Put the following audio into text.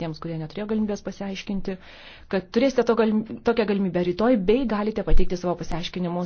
tiems, kurie neturėjo galimybės pasiaiškinti, kad turėsite to galim, tokią galimybę rytoj, bei galite pateikti savo pasiaiškinimus